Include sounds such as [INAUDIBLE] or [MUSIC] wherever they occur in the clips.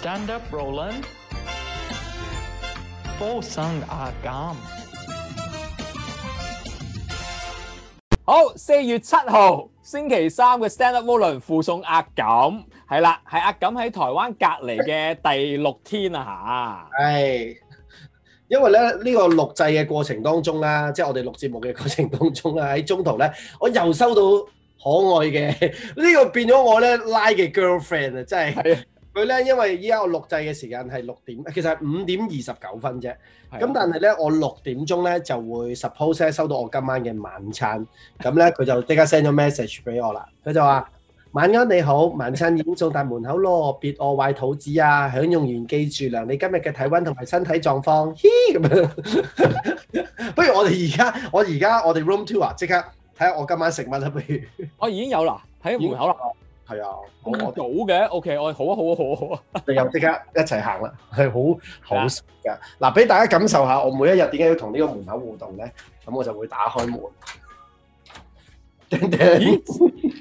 Stand Up Roland 附送阿錦，好四月七號星期三嘅 Stand Up Roland 附送阿錦係啦，係阿錦喺台灣隔離嘅第六天啊吓，唉因為咧呢個錄製嘅過程當中啦，即係我哋錄節目嘅過程當中啦，喺中途咧我又收到可愛嘅呢個變咗我咧拉嘅 girlfriend 啊，真係。佢咧，因為依家我錄製嘅時間係六點，其實係五點二十九分啫。咁但係咧，我六點鐘咧就會 suppose 收到我今晚嘅晚餐。咁咧佢就即刻 send 咗 message 俾我啦。佢就話：晚安你好，晚餐已經送到門口咯，別餓壞肚子啊！享用完記住啦，你今日嘅體温同埋身體狀況。嘿，咁樣。不如我哋而家，我而家我哋 room tour 啊，即刻睇下我今晚食乜啦？不如我已經有啦，喺門口啦。係啊，我到嘅，OK，我好啊，好啊，好啊，你、啊啊、 [LAUGHS] 又即刻一齊行啦，係、啊、好好食嘅。嗱、啊，俾大家感受下，我每一日點解要同呢個門口互動咧？咁我就會打開門。咦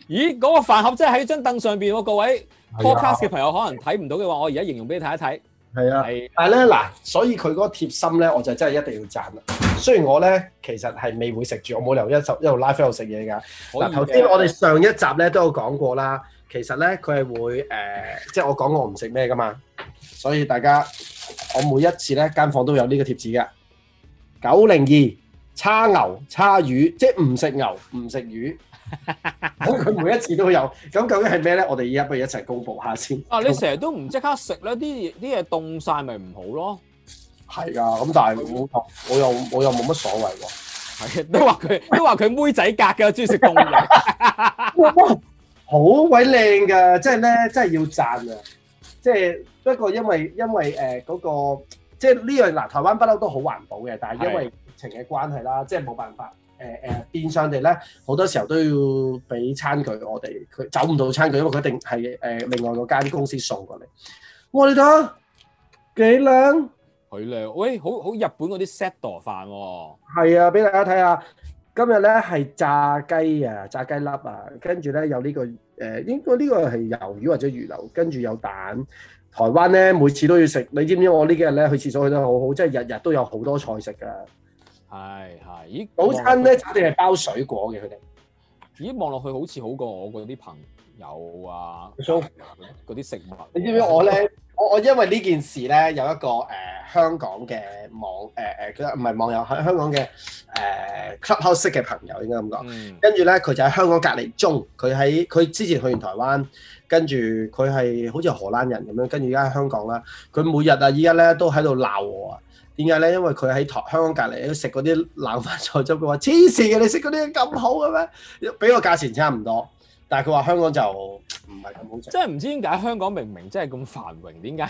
咦，嗰 [LAUGHS] 那個飯盒真係喺張凳上邊喎，各位。係啊。Podcast 嘅朋友可能睇唔到嘅話，我而家形容俾你睇一睇。係啊。係、啊。啊、但係咧嗱，所以佢嗰個貼心咧，我就真係一定要讚啦。雖然我咧其實係未會食住，我冇理由一集一路 live 喺度食嘢噶。嗱，頭先我哋上一集咧都有講過啦。其實咧佢係會誒、呃，即係我講我唔食咩噶嘛，所以大家我每一次咧間房間都有呢個貼紙嘅九零二叉牛叉魚，即係唔食牛唔食魚。咁佢 [LAUGHS] 每一次都有，咁究竟係咩咧？我哋而家不如一齊公布一下先。啊！你成日都唔即刻食咧，啲嘢啲嘢凍晒咪唔好咯。係啊，咁但係我，我又我又冇乜所謂喎。係 [LAUGHS] 都話佢都話佢妹仔格嘅，中意食凍嘢。 [LAUGHS] [LAUGHS] 好鬼靚㗎！即係咧，真係要讚啊！即係不過因為因為誒嗰個即係呢樣嗱，台灣不嬲都好環保嘅，但係因為疫情嘅關係啦，即係冇辦法誒誒，變相地咧好多時候都要俾餐具我哋，佢走唔到餐具，因為佢一定係誒另外嗰間公司送過嚟。我哋睇下幾靚，佢靚。喂，好好日本嗰啲 set do 飯喎。係啊，俾大家睇下，今日咧係炸雞啊，炸雞粒啊，跟住咧有呢個。誒應該呢個係魷魚或者魚柳，跟住有蛋。台灣咧每次都要食，你知唔知我呢幾日咧去廁所去得好好，即係日日都有好多菜式㗎。係係，咦早餐咧一定係包水果嘅佢哋。咦望落去好似好過我嗰啲朋友啊，嗰啲 [LAUGHS] 食物啊。你知唔知我咧？ [LAUGHS] 我我因為呢件事咧，有一個誒、呃、香港嘅網誒誒，佢唔係網友喺香港嘅誒、呃、Clubhouse 識嘅朋友應該咁講。跟住咧，佢就喺香港隔離中，佢喺佢之前去完台灣，跟住佢係好似荷蘭人咁樣，跟住而家喺香港啦。佢每日啊，依家咧都喺度鬧我，點解咧？因為佢喺台香港隔離食嗰啲冷飯菜汁，佢話黐線嘅，你食嗰啲咁好嘅咩？俾個價錢差唔多，但係佢話香港就。唔係，咁好食。即係唔知點解香港明明真係咁繁榮，點解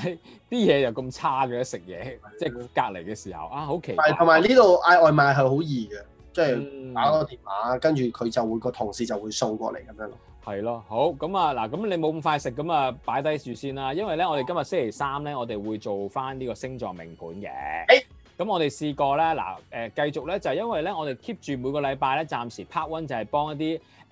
啲嘢又咁差嘅食嘢？的即係隔離嘅時候啊，好奇怪。係，同埋呢度嗌外賣係好易嘅，即係、嗯、打個電話，跟住佢就會個同事就會送過嚟咁樣咯。係咯，好咁啊！嗱，咁你冇咁快食咁啊，擺低住先啦。因為咧，我哋今日星期三咧，我哋會做翻呢個星座命盤嘅。咁 Hey! 我哋試過咧，嗱誒，繼續咧，就係、是、因為咧，我哋 keep 住每個禮拜咧，暫時 part one 就係幫一啲。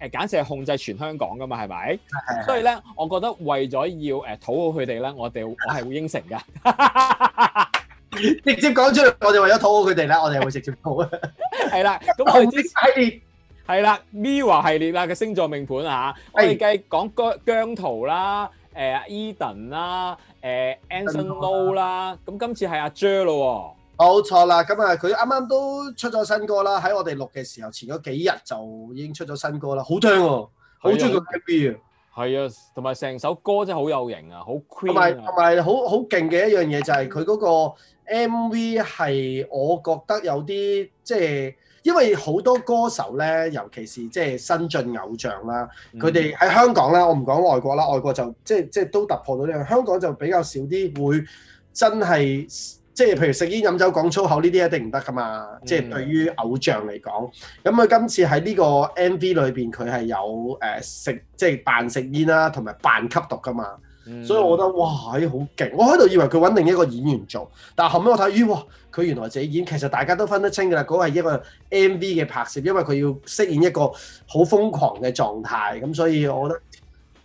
誒簡直係控制全香港噶嘛，係咪？所以咧，我覺得為咗要誒討好佢哋咧，我哋我係會應承嘅，直接講出嚟，我哋為咗討好佢哋咧，我哋會直接做嘅。係啦，咁係系列係啦，Mirror 系列啦嘅星座命盤啊，我哋計講姜姜濤啦，誒 Eden 啦，誒 Anson Lo 啦，咁今次係阿 Jer 咯。冇錯啦，咁啊佢啱啱都出咗新歌啦，喺我哋錄嘅時候前嗰幾日就已經出咗新歌啦，好聽喎，好中意個 MV 啊，係啊，同埋成首歌真係好有型啊，好 cool，同埋同埋好好勁嘅一樣嘢就係佢嗰個 MV 係我覺得有啲即係，因為好多歌手咧，尤其是即係新晉偶像啦，佢哋喺香港咧，我唔講外國啦，外國就即係即係都突破到呢，香港就比較少啲會真係。即係譬如食煙飲酒講粗口呢啲一定唔得㗎嘛！嗯、即係對於偶像嚟講，咁佢、嗯、今次喺呢個 MV 裏邊佢係有誒、呃、食即係扮食煙啦，同埋扮吸毒㗎嘛，嗯、所以我覺得哇好勁、哎！我喺度以為佢搵另一個演員做，但後尾我睇咦哇，佢原來自己演，其實大家都分得清㗎啦，嗰、那個係一個 MV 嘅拍攝，因為佢要飾演一個好瘋狂嘅狀態，咁所以我覺得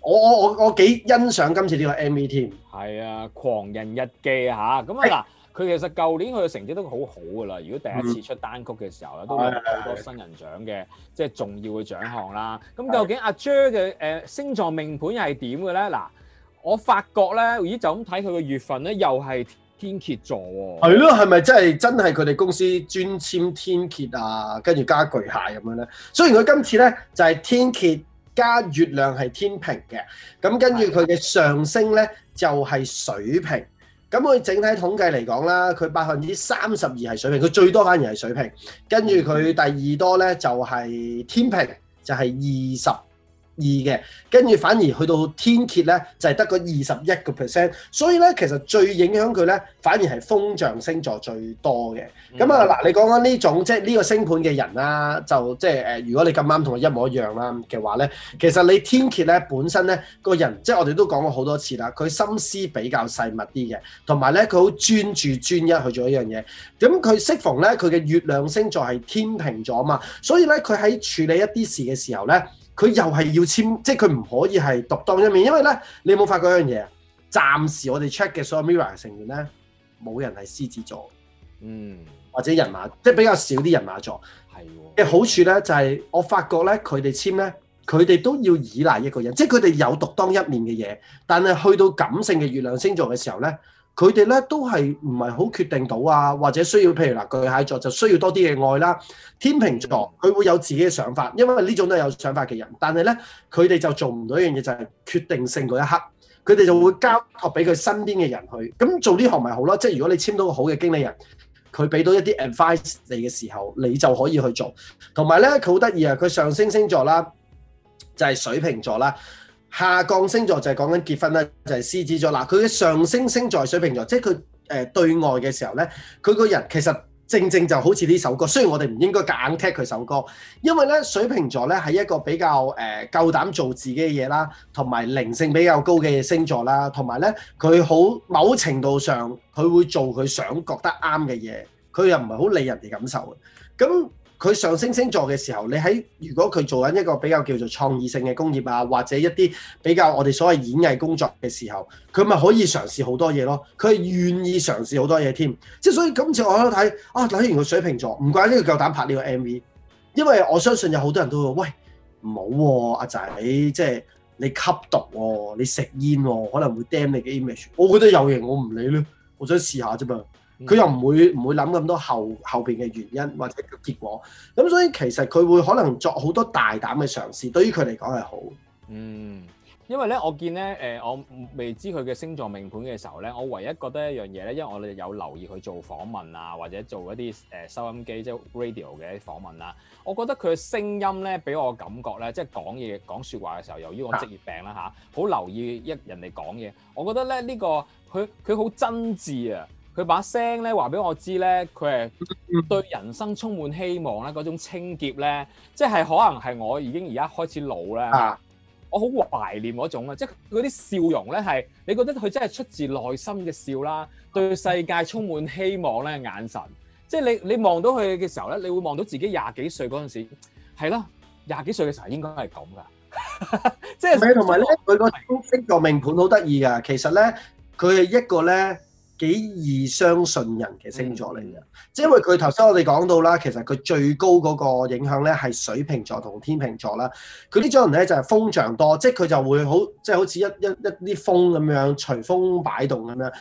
我我我我幾欣賞今次呢個 MV 添。係啊，狂人日記嚇，咁啊嗱。佢其實舊年佢嘅成績都好好噶啦，如果第一次出單曲嘅時候咧，嗯、都攞好多新人獎嘅，的即係重要嘅獎項啦。咁的究竟阿 Jer 嘅、er、誒、呃、星座命盤又係點嘅咧？嗱，我發覺咧，咦，就咁睇佢嘅月份咧，又係天蠍座喎、啊。係咯，係咪真係真係佢哋公司專簽天蠍啊？跟住加巨蟹咁樣咧。雖然佢今次咧就係、是、天蠍加月亮係天平嘅，咁跟住佢嘅上升咧就係水瓶。咁佢整體統計嚟講啦，佢百分之三十二係水瓶，佢最多反而係水瓶，跟住佢第二多呢就係天秤，就係二十二嘅，跟住反而去到天蠍咧，就係得個二十一個 percent。所以咧，其實最影響佢咧，反而係風象星座最多嘅。咁、嗯、啊嗱，你講緊呢種即係呢個星盤嘅人啦、啊，就即係誒，如果你咁啱同佢一模一樣啦嘅話咧，其實你天蠍咧本身咧個人，即係我哋都講過好多次啦，佢心思比較細密啲嘅，同埋咧佢好專注專一去做一樣嘢。咁佢適逢咧佢嘅月亮星座係天平座啊嘛，所以咧佢喺處理一啲事嘅時候咧。佢又係要簽，即係佢唔可以係獨當一面，因為咧，你有冇發覺一樣嘢啊？暫時我哋 check 嘅所有 mirror 成員咧，冇人係獅子座，嗯，或者人馬，即係比較少啲人馬座。係嘅的好處咧，就係、是、我發覺咧，佢哋簽咧，佢哋都要依賴一個人，即係佢哋有獨當一面嘅嘢，但係去到感性嘅月亮星座嘅時候咧。佢哋咧都係唔係好決定到啊？或者需要譬如嗱，巨蟹座就需要多啲嘅愛啦。天秤座佢會有自己嘅想法，因為呢種都係有想法嘅人。但係咧，佢哋就做唔到一樣嘢，就係決定性嗰一刻，佢哋就會交託俾佢身邊嘅人去。咁做呢行咪好咯？即係如果你簽到個好嘅經理人，佢俾到一啲 advice 你嘅時候，你就可以去做。同埋咧，佢好得意啊！佢上升星座啦，就係水瓶座啦。下降星座就係講緊結婚啦，就係、是、獅子座嗱，佢嘅上升星座係水瓶座，即係佢誒對外嘅時候咧，佢個人其實正正就好似呢首歌，雖然我哋唔應該夾硬踢佢首歌，因為咧，水瓶座咧，係一個比較誒夠膽做自己嘅嘢啦，同埋靈性比較高嘅星座啦，同埋咧，佢好某程度上佢會做佢想覺得啱嘅嘢，佢又唔係好理人哋感受咁。佢上升星座嘅時候，你喺如果佢做緊一個比較叫做創意性嘅工業啊，或者一啲比較我哋所謂演藝工作嘅時候，佢咪可以嘗試好多嘢咯。佢係願意嘗試好多嘢添，即係所以今次我喺度睇啊，睇完個水瓶座，唔怪得佢夠膽拍呢個 MV，因為我相信有好多人都會話：喂，唔好喎，阿仔，你即係你吸毒喎，你食煙喎，可能會 damn 你嘅 image。我覺得有型，我唔理咯，我想試下啫嘛。佢、嗯、又唔會唔、嗯、會諗咁多後後邊嘅原因或者結果，咁所以其實佢會可能作好多大膽嘅嘗試，對於佢嚟講係好。嗯，因為咧，我見咧，誒，我未知佢嘅星座命盤嘅時候咧，我唯一覺得一樣嘢咧，因為我哋有留意佢做訪問啊，或者做一啲誒收音機即係 radio 嘅訪問啦，我覺得佢嘅聲音咧，俾我感覺咧，即係講嘢講説話嘅時候，由於我職業病啦嚇，好、啊啊、留意一人哋講嘢，我覺得咧呢個佢佢好真摯啊。佢把聲咧話俾我知咧，佢係對人生充滿希望咧，嗰種青澀咧，即係可能係我已經而家開始老喇。啊、我好懷念嗰種啊，即係嗰啲笑容咧，係你覺得佢真係出自內心嘅笑啦，對世界充滿希望咧眼神，即係你你望到佢嘅時候咧，你會望到自己廿幾歲嗰陣時，係咯，廿幾歲嘅時候應該係咁噶。 [LAUGHS] 即係同埋咧，佢的個星座命盤好得意噶，其實咧佢係一個咧。幾易相信人嘅星座嚟嘅，即係因為佢頭先我哋講到啦，其實佢最高嗰個影響咧係水瓶座同天秤座啦。佢呢種人咧就係風象多，即係佢就會、就是、好，即係好似一一一啲風咁樣隨風擺動咁樣。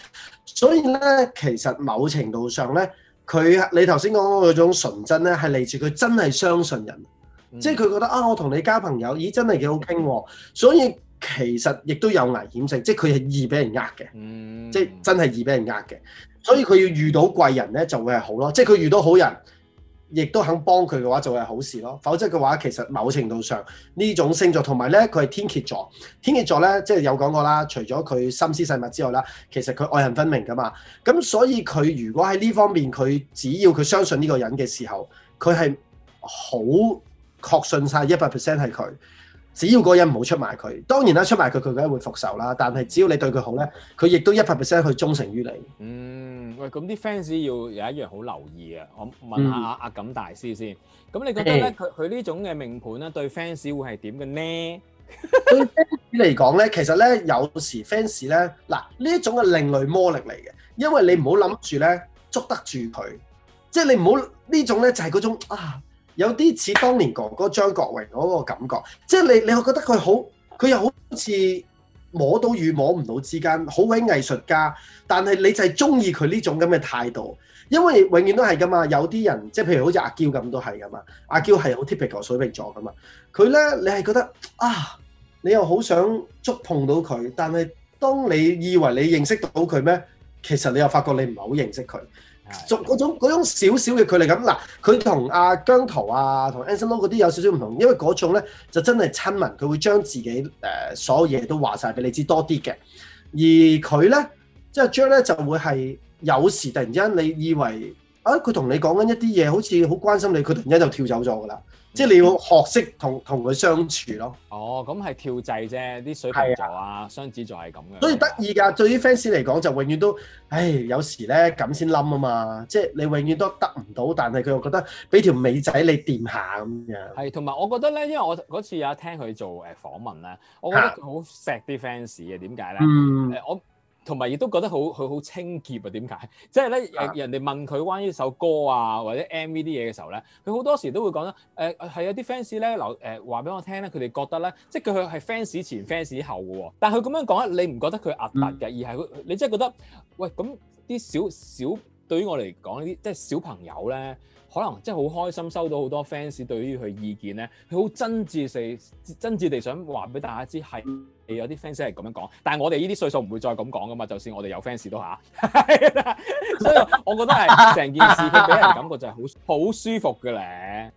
所以咧，其實某程度上咧，佢你頭先講嗰種純真咧，係嚟自佢真係相信人，嗯、即係佢覺得啊，我同你交朋友，咦，真係幾好傾喎，所以。其實亦都有危險性，即係佢係易俾人呃嘅，嗯、即係真係易俾人呃嘅，所以佢要遇到貴人呢就會係好咯，即係佢遇到好人，亦都肯幫佢嘅話就會係好事咯。否則嘅話，其實某程度上呢種星座同埋呢，佢係天蠍座，天蠍座呢，即係有講過啦，除咗佢心思細密之外啦，其實佢愛恨分明噶嘛。咁所以佢如果喺呢方面佢只要佢相信呢個人嘅時候，佢係好確信晒一百 percent 係佢。只要嗰人唔好出賣佢，當然啦，出賣佢佢梗係會復仇啦。但係只要你對佢好咧，佢亦都一百 percent 去忠誠於你。嗯，喂，咁啲 fans 要有一樣好留意啊！我問下阿阿錦大師先。咁你覺得咧，佢佢呢種嘅命盤咧，對 fans 會係點嘅咧？對 fans 嚟講咧，其實咧有時 fans 咧，嗱，呢一種係另類魔力嚟嘅，因為你唔好諗住咧捉得住佢，即係你唔好呢種咧就係嗰種啊。有啲似當年哥哥張國榮嗰個感覺，即係你你又覺得佢好，佢又好似摸到與摸唔到之間，好鬼藝術家。但係你就係中意佢呢種咁嘅態度，因為永遠都係噶嘛。有啲人即係譬如好似阿嬌咁都係噶嘛，阿嬌係好 typical 水瓶座噶嘛。佢咧你係覺得啊，你又好想觸碰到佢，但係當你以為你認識到佢咩，其實你又發覺你唔係好認識佢。做嗰種嗰種少少嘅距離感，嗱，佢同阿姜濤啊，同 Anson Lo 嗰啲有少少唔同，因為嗰種咧就真係親民，佢會將自己誒所有嘢都話晒俾你知多啲嘅，而佢咧即係將咧就會係有時突然之間，你以為。啊！佢同你講緊一啲嘢，好似好關心你，佢突然間就跳走咗噶啦。即係你要學識同同佢相處咯。哦，咁係跳掣啫，啲水瓶座啊，啊雙子座係咁嘅。所以得意㗎，對於 fans 嚟講就永遠都，唉，有時咧咁先冧啊嘛。即係你永遠都得唔到，但係佢又覺得俾條尾仔你掂下咁樣。係，同埋我覺得咧，因為我嗰次有聽佢做誒訪問咧，我覺得佢好錫啲 fans 嘅。點解咧？我、嗯。同埋亦都覺得好佢好青澀啊，點解？即係咧誒人哋問佢關於首歌啊或者 MV 啲嘢嘅時候咧，佢好多時都會講啦誒係有啲 fans 咧，留誒話俾我聽咧，佢哋覺得咧，即係佢係 fans 前 fans 後嘅喎，啊。但係佢咁樣講咧，你唔覺得佢壓突嘅？嗯，而係佢你真係覺得喂，咁啲小小對於我嚟講呢啲即係小朋友咧。可能真係好開心，收到好多 fans 對於佢意見咧，佢好真摯地真摯地想話俾大家知係有啲 fans 係咁樣講，但係我哋呢啲歲數唔會再咁講噶嘛，就算我哋有 fans 都嚇， [LAUGHS] [LAUGHS] 所以我覺得係成件事佢俾人感覺就係好好舒服嘅咧。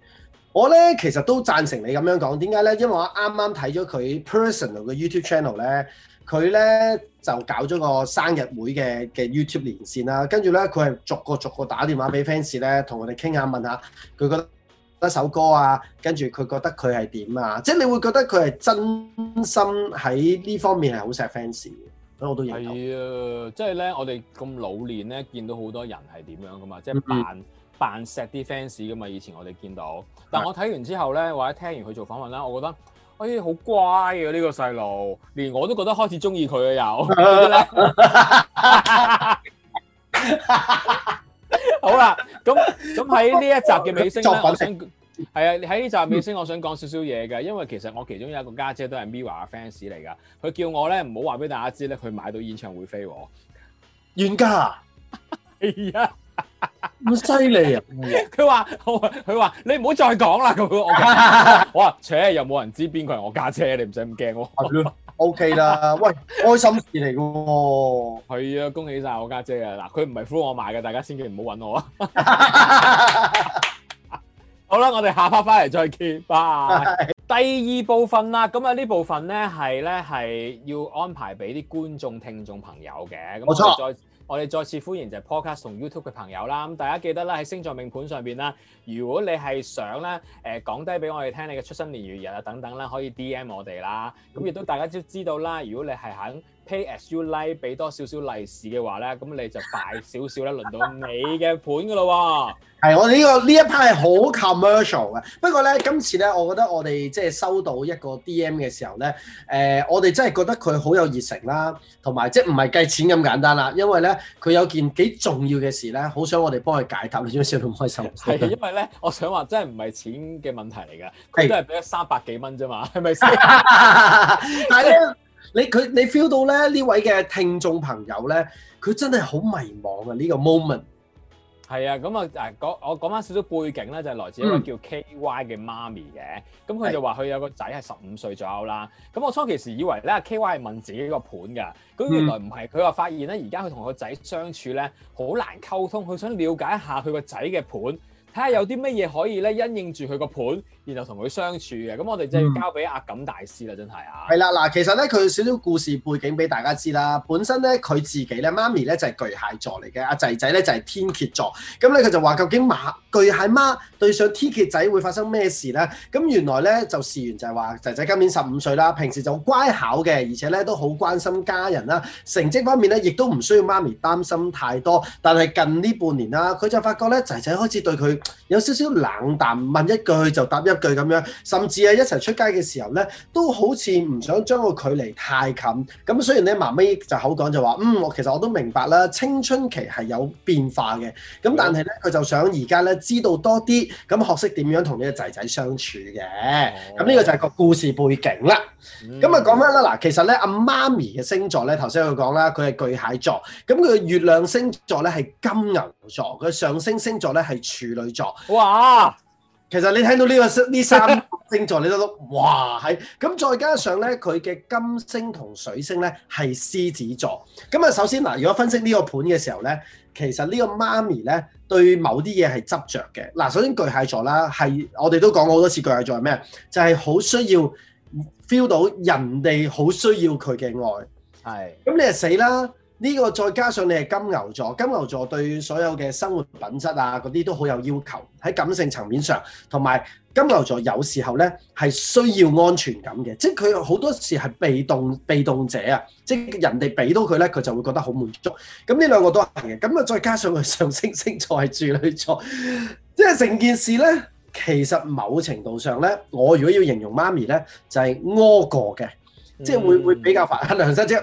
我咧其實都贊成你咁樣講，點解咧？因為我啱啱睇咗佢 personal 嘅 YouTube channel 咧，佢咧就搞咗個生日會嘅嘅 YouTube 連線啦，跟住咧佢係逐個逐個打電話俾 fans 咧，同我哋傾下問下，佢覺得一首歌啊，跟住佢覺得佢係點啊？即係你會覺得佢係真心喺呢方面係好錫 fans 嘅，所以我都認同。係啊，即係咧，我哋咁老練咧，見到好多人係點樣噶嘛，即係扮。嗯扮錫啲 fans 噶嘛。以前我哋見到，但我睇完之後咧，或者聽完佢做訪問啦，我覺得哎好乖啊！呢、呢個細路，連我都覺得開始中意佢啦，又 [LAUGHS] [LAUGHS] 好啦。咁咁喺呢一集嘅尾聲咧， [LAUGHS] 我想係 [LAUGHS] 啊，喺呢集尾聲，我想講少少嘢嘅，因為其實我其中一個家姐，姐都係 Mirror 嘅 fans 嚟噶，佢叫我咧唔好話俾大家知咧，佢買到演唱會飛喎，原價係啊。家好犀利啊！佢話好，佢話你唔好再講啦，咁我我話扯又冇人知邊個係我家姐，你唔使咁驚咯。O K 啦，喂，開心事嚟噶喎。係啊，恭喜晒我家姐啊！嗱，佢唔係呼我買嘅，大家千祈唔好搵我啊。好啦，我哋下 part 翻嚟，再見，拜。第二部分啦，咁啊呢部分咧係咧係要安排俾啲觀眾聽眾朋友嘅，咁我再。我哋再次歡迎就係 Podcast 同 YouTube 嘅朋友啦，咁大家記得啦，喺星座命盤上邊啦，如果你係想咧，誒，講低俾我哋聽你嘅出生年月日啊，等等啦，可以 DM 我哋啦，咁、嗯、亦都大家都知道啦，如果你係肯。Pay as you like 俾多少少利是嘅話咧，咁你就大少少咧，輪到你嘅盤噶咯喎。係我呢、呢個呢一 part 係好 commercial 嘅。不過咧，今次咧，我覺得我哋即係收到一個 DM 嘅時候咧，誒、呃，我哋真係覺得佢好有熱誠啦，同埋即係唔係計錢咁簡單啦。因為咧，佢有件幾重要嘅事咧，好想我哋幫佢解答。你點解笑到咁開心？係因為咧，我想話真係唔係錢嘅問題嚟噶，佢都係俾咗三百幾蚊啫嘛，係咪先？係啊。你佢你 feel 到咧，呢位嘅聽眾朋友咧，佢真係好迷茫啊呢個 moment。係啊，咁、這個、啊誒講我講翻少少背景咧，就是，來自一位叫 KY 嘅媽咪嘅。咁佢就話佢有個仔係十五歲左右啦。咁我初期時以為咧，KY 係問自己個盤噶，咁原來唔係。佢話發現咧，而家佢同個仔相處咧，好難溝通。佢想了解一下佢個仔嘅盤，睇下有啲乜嘢可以咧，因應住佢個盤然後同佢相處嘅，咁我哋就要交俾阿錦大師啦，真係啊！係啦，嗱， [NOISE] [NOISE] 其實咧佢有少少故事背景俾大家知啦。本身咧佢自己咧，媽咪咧就係巨蟹座嚟嘅，阿仔仔咧就係天蠍座。咁咧佢就話究竟馬巨蟹媽對上天蠍仔會發生咩事咧？咁原來咧就事緣就係話，仔仔今年十五歲啦，平時就好乖巧嘅，而且咧都好關心家人啦。成績方面咧，亦都唔需要媽咪擔心太多。但係近呢半年啦，佢就發覺咧，仔仔開始對佢有少少冷淡，問一句就答一句咁樣，甚至係一齊出街嘅時候咧，都好似唔想將個距離太近。咁雖然咧，媽咪就口講就話，嗯，我其實我都明白啦，青春期係有變化嘅。咁但係咧，佢就想而家咧知道多啲，咁學識點樣同呢個仔仔相處嘅。咁呢個就係個故事背景啦。咁啊講翻啦，嗱，其實咧阿媽咪嘅星座咧，頭先佢講啦，佢係巨蟹座。咁佢嘅月亮星座咧係金牛座，佢上升星座咧係處女座。哇！其實你聽到呢、這個呢三星座，你都覺得，哇！係咁，再加上咧，佢嘅金星同水星咧係獅子座。咁啊，首先嗱，如果分析呢個盤嘅時候咧，其實個媽媽呢個媽咪咧對某啲嘢係執着嘅。嗱，首先巨蟹座啦，係我哋都講過好多次，巨蟹座係咩？就係、是、好需要 feel 到人哋好需要佢嘅愛。係是。咁你係死啦！呢個再加上你係金牛座，金牛座對所有嘅生活品質啊嗰啲都好有要求。喺感性層面上，同埋金牛座有時候呢係需要安全感嘅，即係佢好多時係被動被動者啊，即係人哋俾到佢呢，佢就會覺得好滿足。咁呢兩個都係嘅。咁啊，再加上佢上升星座係處女座，即係成件事呢。其實某程度上呢，我如果要形容媽咪呢，就係、是、屙過嘅，即係會會比較煩。梁生姐。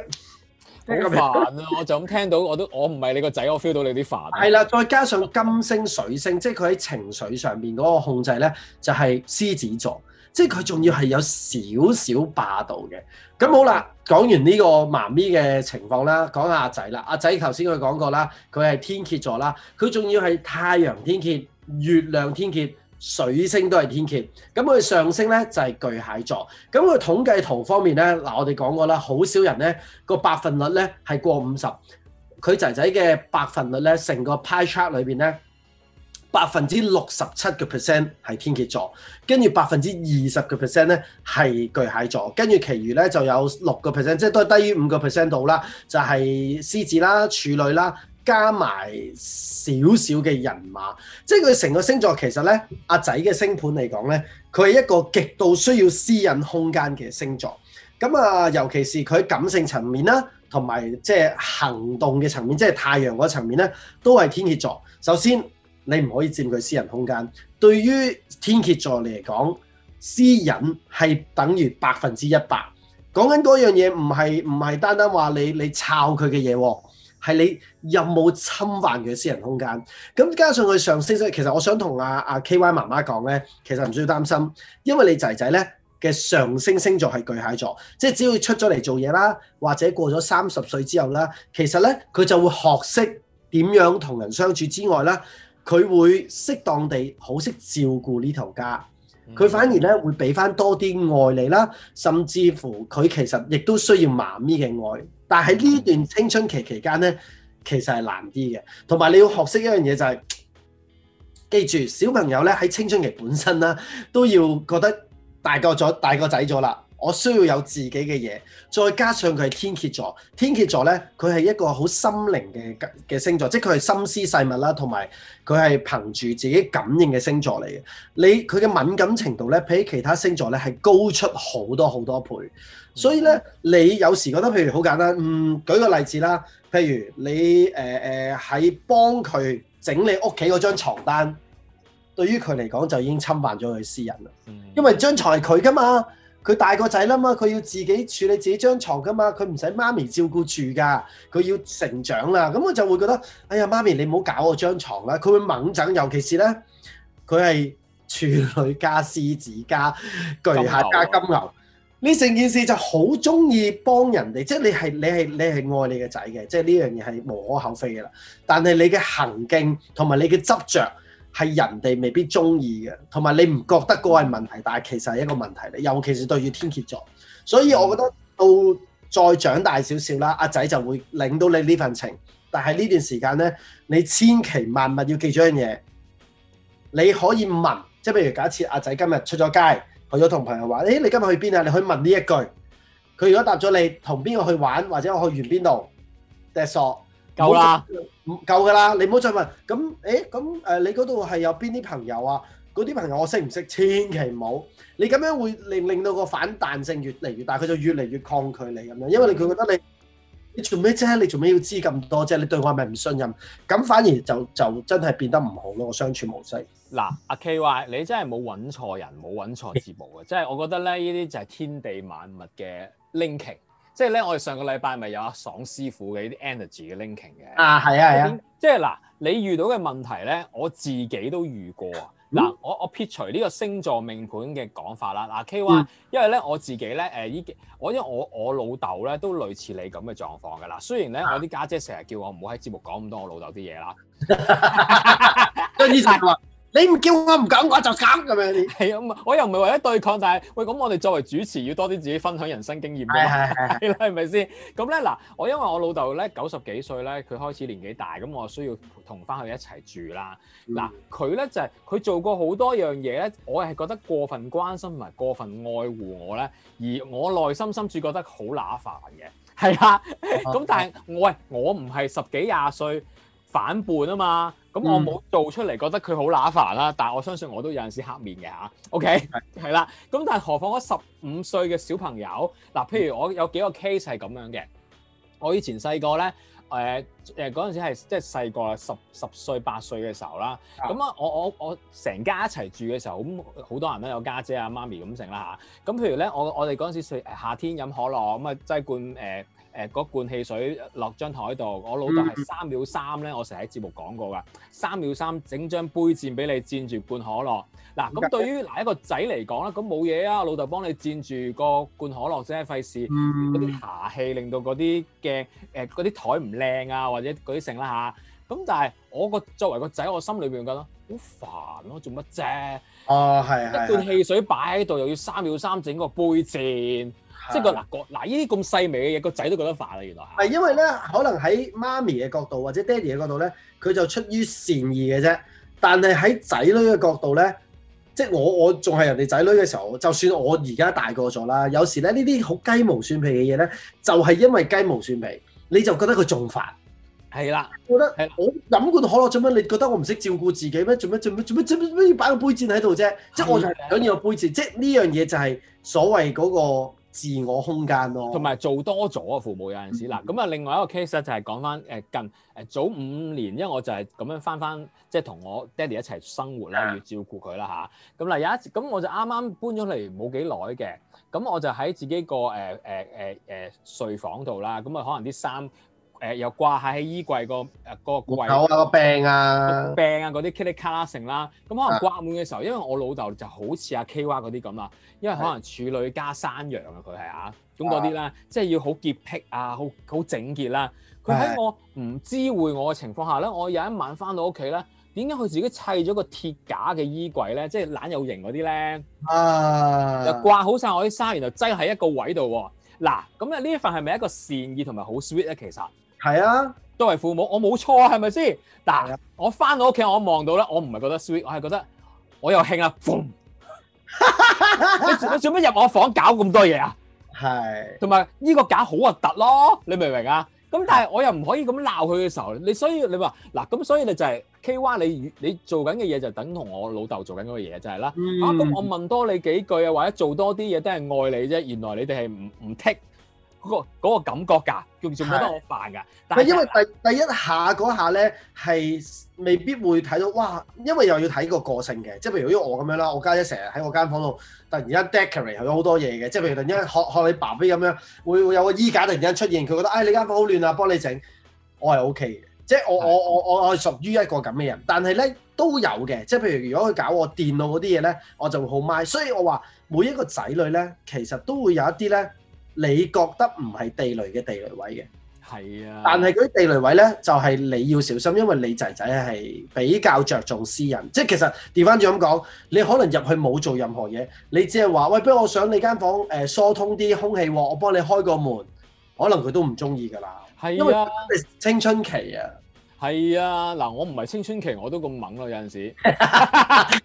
[LAUGHS] 好煩啊！我就咁聽到，我都我唔係你個仔，我 feel 到你啲煩、啊。係啦，再加上金星水星，即係佢喺情緒上面嗰個控制咧，就係、是、獅子座，即係佢仲要係有少少霸道嘅。咁好啦，講完呢個媽咪嘅情況啦，講下阿仔啦，阿仔頭先佢講過啦，佢係天蠍座啦，佢仲要係太陽天蠍、月亮天蠍。水星都係天蠍，咁佢上升咧就係巨蟹座。咁佢統計圖方面咧，嗱，我哋講過啦，好少人咧個百分率咧係過五十，佢仔仔嘅百分率咧成個 pie chart 裏邊咧百分之六十七嘅 percent 係天蠍座，跟住百分之二十嘅 percent 咧係巨蟹座，跟住其餘咧就有六個 percent，即係都係低於五個 percent 度啦，就係獅子啦、處女啦。加埋少少嘅人馬，即係佢成個星座其實咧，阿仔嘅星盤嚟講咧，佢係一個極度需要私隱空間嘅星座。咁、嗯、啊，尤其是佢喺感性層面啦，同埋即係行動嘅層面，即係太陽嗰層面咧，都係天蠍座。首先，你唔可以佔據私人空間。對於天蠍座嚟講，私隱係等於百分之一百。講緊嗰樣嘢唔係唔係單單話你你抄佢嘅嘢喎。係你有冇侵犯佢私人空間？咁加上佢上升星，其實我想同阿阿 KY 媽媽講咧，其實唔需要擔心，因為你仔仔咧嘅上升星座係巨蟹座，即係只要出咗嚟做嘢啦，或者過咗三十歲之後啦，其實咧佢就會學識點樣同人相處之外啦，佢會適當地好識照顧呢頭家。佢反而咧會俾翻多啲愛你啦，甚至乎佢其實亦都需要媽咪嘅愛，但喺呢段青春期期間呢，其實係難啲嘅，同埋你要學識一樣嘢就係、是，記住小朋友咧喺青春期本身啦，都要覺得大個咗，大個仔咗啦。我需要有自己嘅嘢，再加上佢係天蠍座。天蠍座呢，佢係一個好心靈嘅嘅星座，即係佢係心思細密啦，同埋佢係憑住自己感應嘅星座嚟嘅。你佢嘅敏感程度呢，比起其他星座呢，係高出好多好多倍。嗯、所以呢，你有時覺得，譬如好簡單，嗯，舉個例子啦，譬如你誒誒喺幫佢整理屋企嗰張牀單，對於佢嚟講就已經侵犯咗佢私隱啦，嗯、因為張牀係佢㗎嘛。佢大個仔啦嘛，佢要自己處理自己張床噶嘛，佢唔使媽咪照顧住噶，佢要成長啦。咁我就會覺得，哎呀，媽咪你唔好搞我張床啦，佢會掹掙，尤其是咧，佢係處女加獅子加巨蟹加金牛，呢成、啊、件事就好鍾意幫人哋，即係你係你係你係愛你嘅仔嘅，即係呢樣嘢係無可厚非嘅啦。但係你嘅行徑同埋你嘅執着。係人哋未必中意嘅，同埋你唔覺得嗰個係問題，但係其實係一個問題咧。尤其是對住天蠍座，所以我覺得到再長大少少啦，阿仔就會領到你呢份情。但係呢段時間呢，你千祈萬勿要記住一樣嘢。你可以問，即係譬如假設阿仔今日出咗街，去咗同朋友玩，誒、欸、你今日去邊啊？你可以問呢一句。佢如果答咗你同邊個去玩，或者我去完邊度，就係傻。夠啦，唔夠噶啦，你唔好再問。咁，誒、欸，咁誒，你嗰度係有邊啲朋友啊？嗰啲朋友我識唔識？千祈唔好，你咁樣會令令到個反彈性越嚟越大，佢就越嚟越抗拒你咁樣，因為你佢覺得你你做咩啫？你做咩要知咁多啫？你對我係咪唔信任？咁反而就就真係變得唔好咯，我相處模式。嗱，阿 K Y，你真係冇揾錯人，冇揾錯節目嘅，即係 [LAUGHS] 我覺得咧，呢啲就係天地萬物嘅 link 即係咧，我哋上個禮拜咪有阿爽師傅嘅啲 energy 嘅 linking 嘅啊，係啊係啊，啊即係嗱，你遇到嘅問題咧，我自己都遇過啊。嗱，我我撇除呢個星座命盤嘅講法啦。嗱，K Y，因為咧我自己咧誒依，我因為我我老豆咧都類似你咁嘅狀況㗎啦。雖然咧我啲家姐成日叫我唔好喺節目講咁多我老豆啲嘢啦。張醫你唔叫我唔敢，我就敢咁樣啲。係啊，我又唔係為咗對抗，但係喂，咁我哋作為主持要多啲自己分享人生經驗咯。係係咪先？咁咧嗱，我因為我老豆咧九十幾歲咧，佢開始年紀大，咁我需要同返佢一齊住啦。嗱，佢咧就係、係、佢做過好多樣嘢咧，我係覺得過分關心同埋過分愛護我咧，而我內心深處覺得好乸煩嘅。係啦，咁、啊、 [LAUGHS] 但係我喂，我唔係十幾廿歲。反叛啊嘛，咁我冇做出嚟，覺得佢好乸煩啦。但係我相信我都有陣時黑面嘅嚇，OK 係啦。咁但係何況我十五歲嘅小朋友嗱，譬如我有幾個 case 係咁樣嘅。我以前細個咧，誒誒嗰陣時係即係細個啦，十十歲八歲嘅時候啦，咁啊我我我成家一齊住嘅時候，好好多人都有家姐啊、媽咪咁成啦嚇。咁譬如咧，我我哋嗰陣時暑夏天飲可樂咁啊，擠罐誒。呃誒嗰罐汽水落張台度，我老豆係三秒三咧，我成日喺節目講過噶。三秒三整張杯墊俾你墊住罐可樂。嗱，咁對於嗱一個仔嚟講啦，咁冇嘢啊，老豆幫你墊住個罐可樂啫，費事嗰啲茶氣令到嗰啲嘅誒嗰啲台唔靚啊，或者舉成啦嚇。咁但係我個作為個仔，我心裏面覺得好煩咯，做乜啫？啊係啊，一罐汽水擺喺度，又要三秒三整個杯墊。即個嗱嗱呢啲咁細微嘅嘢，個仔都覺得煩啦，原來。係因為咧，可能喺媽咪嘅角度或者爹哋嘅角度咧，佢就出於善意嘅啫。但係喺仔女嘅角度咧，即我我仲係人哋仔女嘅時候，就算我而家大個咗啦，有時咧呢啲好雞毛蒜皮嘅嘢咧，就係、是、因為雞毛蒜皮，你就覺得佢仲煩。係啦了，覺得了我飲罐可樂做咩？你覺得我唔識照顧自己咩？做咩做咩做咩做咩要擺個杯墊喺度啫？即了我就係想要個杯墊。即呢樣嘢就係所謂嗰、那個。自我空間咯、哦，同埋做多咗父母有陣時嗱，咁啊、嗯、另外一個 case 咧就係講翻誒近誒早五年，因為我就係咁樣翻翻，即係同我爹 a 一齊生活啦，嗯、要照顧佢啦吓，咁、啊、嗱有一次，咁我就啱啱搬咗嚟冇幾耐嘅，咁我就喺自己個誒誒誒誒睡房度啦，咁啊可能啲衫誒又掛下喺衣櫃個誒個櫃，有個病啊，病啊嗰啲 click click 啦性啦，咁可能掛滿嘅時候，因為我老豆就好似阿 K 娃嗰啲咁啦，因為可能處女加山羊啊佢係啊，咁嗰啲啦，即係要好潔癖啊，好好整潔啦。佢喺我唔知會我嘅情況下咧，我有一晚翻到屋企咧，點解佢自己砌咗個鐵架嘅衣櫃咧？即係懶有型嗰啲咧，就掛好晒我啲衫，然後擠喺一個位度喎。嗱，咁咧呢一份係咪一個善意同埋好 sweet 咧？其實？係啊，作為父母，我冇錯是是啊，係咪先？嗱，我翻到屋企，我望到咧，我唔係覺得 sweet，我係覺得我又興啊。 [LAUGHS] [LAUGHS] 你做乜入我房搞咁多嘢啊？係是，同埋呢個搞好核突咯，你明唔明啊？咁但係我又唔可以咁鬧佢嘅時候，你所以你話嗱，咁、啊、所以、就是 K、y, 你就係 KY，你你做緊嘅嘢就等同我老豆做緊嗰嘢就係、是、啦。嗯、啊，咁我問多你幾句啊，或者做多啲嘢都係愛你啫。原來你哋係唔唔 t 嗰、那個那個感覺㗎，仲仲覺得我扮㗎。的但係是因為第第一下嗰下咧，係未必會睇到哇，因為又要睇個個性嘅。即係譬如好似我咁樣啦，我家姐成日喺我房間房度，突然間 decorate 咗好多嘢嘅。即係譬如突然間學學你爸 B 咁樣，會會有個衣架突然間出現，佢覺得唉、哎、你房間房好亂啊，幫你整，我係 OK 嘅。即係我的我我我係屬於一個咁嘅人。但係咧都有嘅，即係譬如如果佢搞我電腦嗰啲嘢咧，我就會好 m i n d 所以我話每一個仔女咧，其實都會有一啲咧。你覺得唔係地雷嘅地雷位嘅，係啊，但係嗰啲地雷位咧，就係、是、你要小心，因為你仔仔係比較着重私隱，即係其實調翻轉咁講，你可能入去冇做任何嘢，你只係話，喂，不如我想你間房誒、呃、疏通啲空氣喎，我幫你開個門，可能佢都唔中意㗎啦，係啊，因為青春期啊。係啊，嗱，我唔係青春期，我都咁猛咯，有陣時。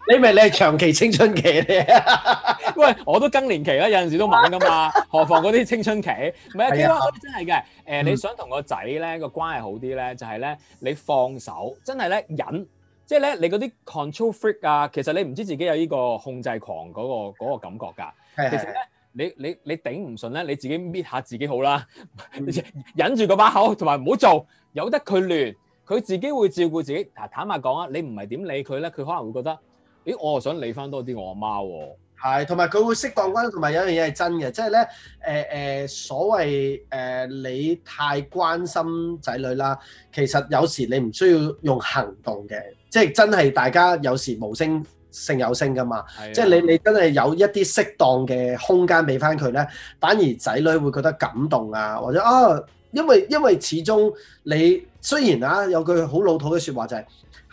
你咪你係長期青春期嚟啊！ [LAUGHS] 喂，我都更年期啦，有陣時都猛噶嘛，何況嗰啲青春期？唔係。 [LAUGHS] 啊，其實真係嘅。誒、呃，你想同個仔咧個關係好啲咧，就係咧你放手，真係咧忍，即係咧你嗰啲 control freak 啊，其實你唔知自己有呢個控制狂嗰、嗰個嗰個感覺㗎。係。 [LAUGHS] 其實咧，你你你頂唔順咧，你自己搣下自己好啦， [LAUGHS] [LAUGHS] 忍住個把口，同埋唔好做，由得佢亂。佢自己會照顧自己。嗱，坦白講啊，你唔係點理佢咧，佢可能會覺得，咦，我又想理翻多啲我阿媽喎、啊。係，同埋佢會適當關心。同埋有樣嘢係真嘅，即係咧，誒、呃、誒、呃，所謂誒、呃，你太關心仔女啦，其實有時你唔需要用行動嘅，即、就、係、是、真係大家有時無聲勝有聲噶嘛。係。即係、啊、你你真係有一啲適當嘅空間俾翻佢咧，反而仔女會覺得感動啊，或者啊、哦，因為因為始終你。雖然啊，有句好老土嘅説話就係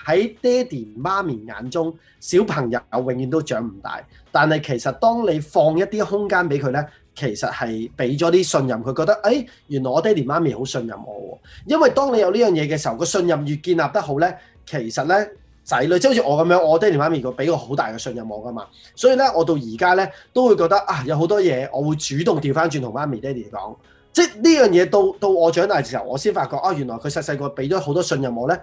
喺爹哋媽咪眼中，小朋友永遠都長唔大。但係其實當你放一啲空間俾佢咧，其實係俾咗啲信任佢，覺得誒、哎、原來我爹哋媽咪好信任我喎、啊。因為當你有呢樣嘢嘅時候，個信任越建立得好咧，其實咧仔女即好似我咁樣，我爹哋媽咪佢俾個好大嘅信任我噶嘛。所以咧，我到而家咧都會覺得啊，有好多嘢我會主動調翻轉同媽咪爹哋講。爸爸即係呢樣嘢到到我長大嘅時候，我先發覺啊、哦，原來佢細細個俾咗好多信任我咧。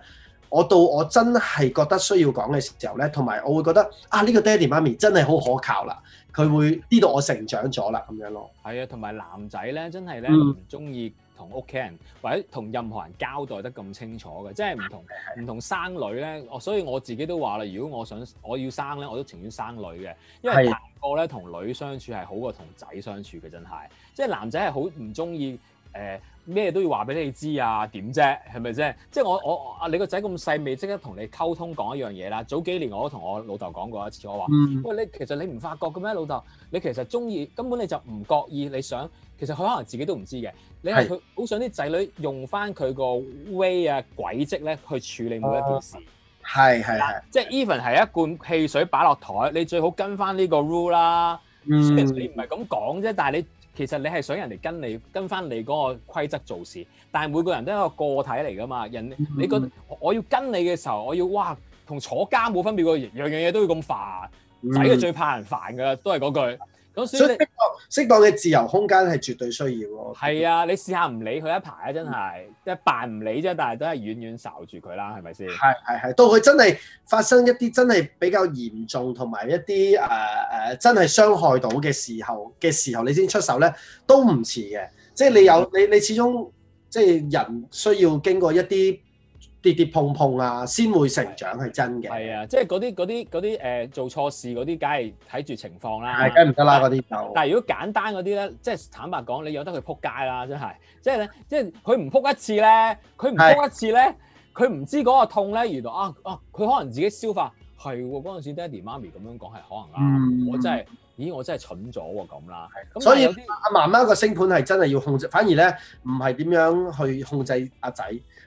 我到我真係覺得需要講嘅時候咧，同埋我會覺得啊，呢、這個爹哋媽咪真係好可靠啦。佢會知道我成長咗啦，咁樣咯。係啊、嗯，同埋男仔咧，真係咧唔中意。同屋企人或者同任何人交代得咁清楚嘅，即係唔同唔同生女咧。我所以我自己都話啦，如果我想我要生咧，我都情願生女嘅，因為大個咧同女相處係好過同仔相處嘅，真係。即係男仔係好唔中意，誒，咩都要話俾你知啊？點啫？係咪啫？即係我我啊你個仔咁細未，即刻同你溝通講一樣嘢啦。早幾年我都同我老豆講過一次，我話、嗯、喂你其實你唔發覺嘅咩，老豆？你其實中意根本你就唔覺意，你想。其實佢可能自己都唔知嘅，你係佢好想啲仔女用翻佢個 way 啊軌跡咧去處理每一件事。係係係，即係 even 係一罐汽水擺落台，你最好跟翻呢個 rule 啦。嗯，你唔係咁講啫，但係你其實你係想人哋跟你跟翻你嗰個規則做事。但係每個人都係一個個體嚟噶嘛，人你覺得我要跟你嘅時候，我要哇同坐監冇分別，個樣樣嘢都要咁煩，仔啊、嗯、最怕人煩噶，都係嗰句。咁所以適當嘅自由空間係絕對需要咯。係啊，你試下唔理佢一排啊，真係即係扮唔理啫，但係都係遠遠守住佢啦，係咪先？係係係，到佢真係發生一啲真係比較嚴重同埋一啲誒誒真係傷害到嘅時候嘅時候，時候你先出手咧，都唔遲嘅。即係你有、嗯、你你始終即係人需要經過一啲。跌跌碰碰啊，先會成長係真嘅。係啊，即係嗰啲嗰啲嗰啲誒做錯事嗰啲，梗係睇住情況啦。係梗唔得啦，嗰啲。但係如果簡單嗰啲咧，即係坦白講，你由得佢撲街啦，真係。即係咧，即係佢唔撲一次咧，佢唔撲一次咧，佢唔知嗰個痛咧，原來啊啊，佢可能自己消化係喎。嗰時，爹哋媽咪咁樣講係可能啱。我真係，咦，我真係蠢咗喎咁啦。咁所以阿媽媽個星盤係真係要控制，反而咧唔係點樣去控制阿仔。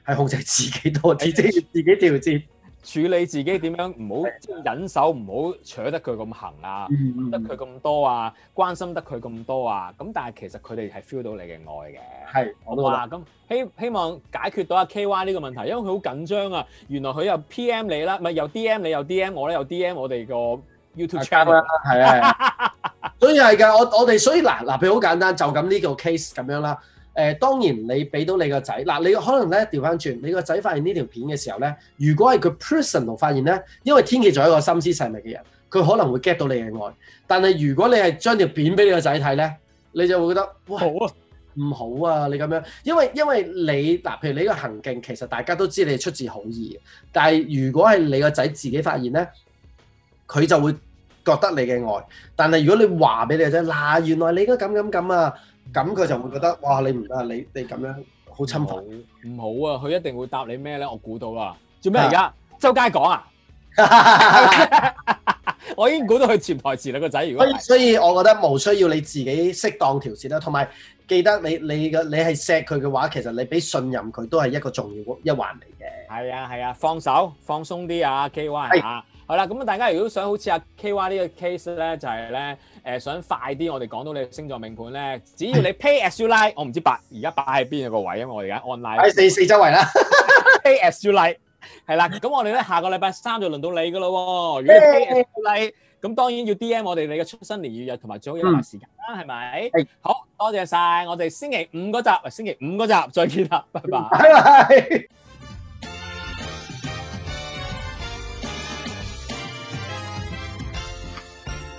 係控制自己多啲，即係自己調節處理自己點樣，唔好忍手，唔好扯得佢咁行啊，得佢咁多啊，關心得佢咁多啊。咁但係其實佢哋係 feel 到你嘅愛嘅。係，我都話咁希希望解決到阿 K Y 呢個問題，因為佢好緊張啊。原來佢又 P M 你啦，唔係又 D M 你又 D M 我咧，又 D M 我哋個 YouTube channel。係啊， [LAUGHS] 所以係㗎，我我哋所以嗱嗱，譬如好簡單，就咁呢個 case 咁樣啦。誒、呃、當然你俾到你個仔嗱，你可能咧調翻轉，你個仔發現呢條片嘅時候咧，如果係佢 person 度發現咧，因為天蠍座仲係一個心思細密嘅人，佢可能會 get 到你嘅愛。但係如果你係將條片俾你個仔睇咧，你就會覺得，哇好啊，唔好啊，你咁樣，因為因為你嗱、啊，譬如你個行徑其實大家都知你係出自好意，但係如果係你個仔自己發現咧，佢就會覺得你嘅愛。但係如果你話俾你個仔嗱，原來你而家咁咁咁啊！咁佢就會覺得，哇！你唔啊，你你咁樣好侵犯，唔好，好啊！佢一定會答你咩咧？我估到啦，做咩而家周街講啊？啊 [LAUGHS] [LAUGHS] 我已經估到佢潛台詞啦，個仔如果所。所以我覺得冇需要你自己適當調節啦，同埋記得你你嘅你係錫佢嘅話，其實你俾信任佢都係一個重要一環嚟嘅。係啊係啊，放手放鬆啲啊，K Y 係啊，好啦，咁啊，大家如果想好似阿 K Y 呢個 case 咧，就係、係、咧。誒、呃、想快啲，我哋講到你星座命盤咧，只要你 pay as u like，我唔知在擺而家擺喺邊個位，因為我而家 online 喺四四周圍 [LAUGHS] like, 啦。pay as u like 係啦，咁我哋咧下個禮拜三就輪到你噶啦喎。如果 pay as u like，咁當然要 DM 我哋你嘅出生年月日同埋最好一段時間啦，係咪、嗯？好多謝晒！我哋星期五嗰集，星期五嗰集再見啦，拜拜。 [LAUGHS]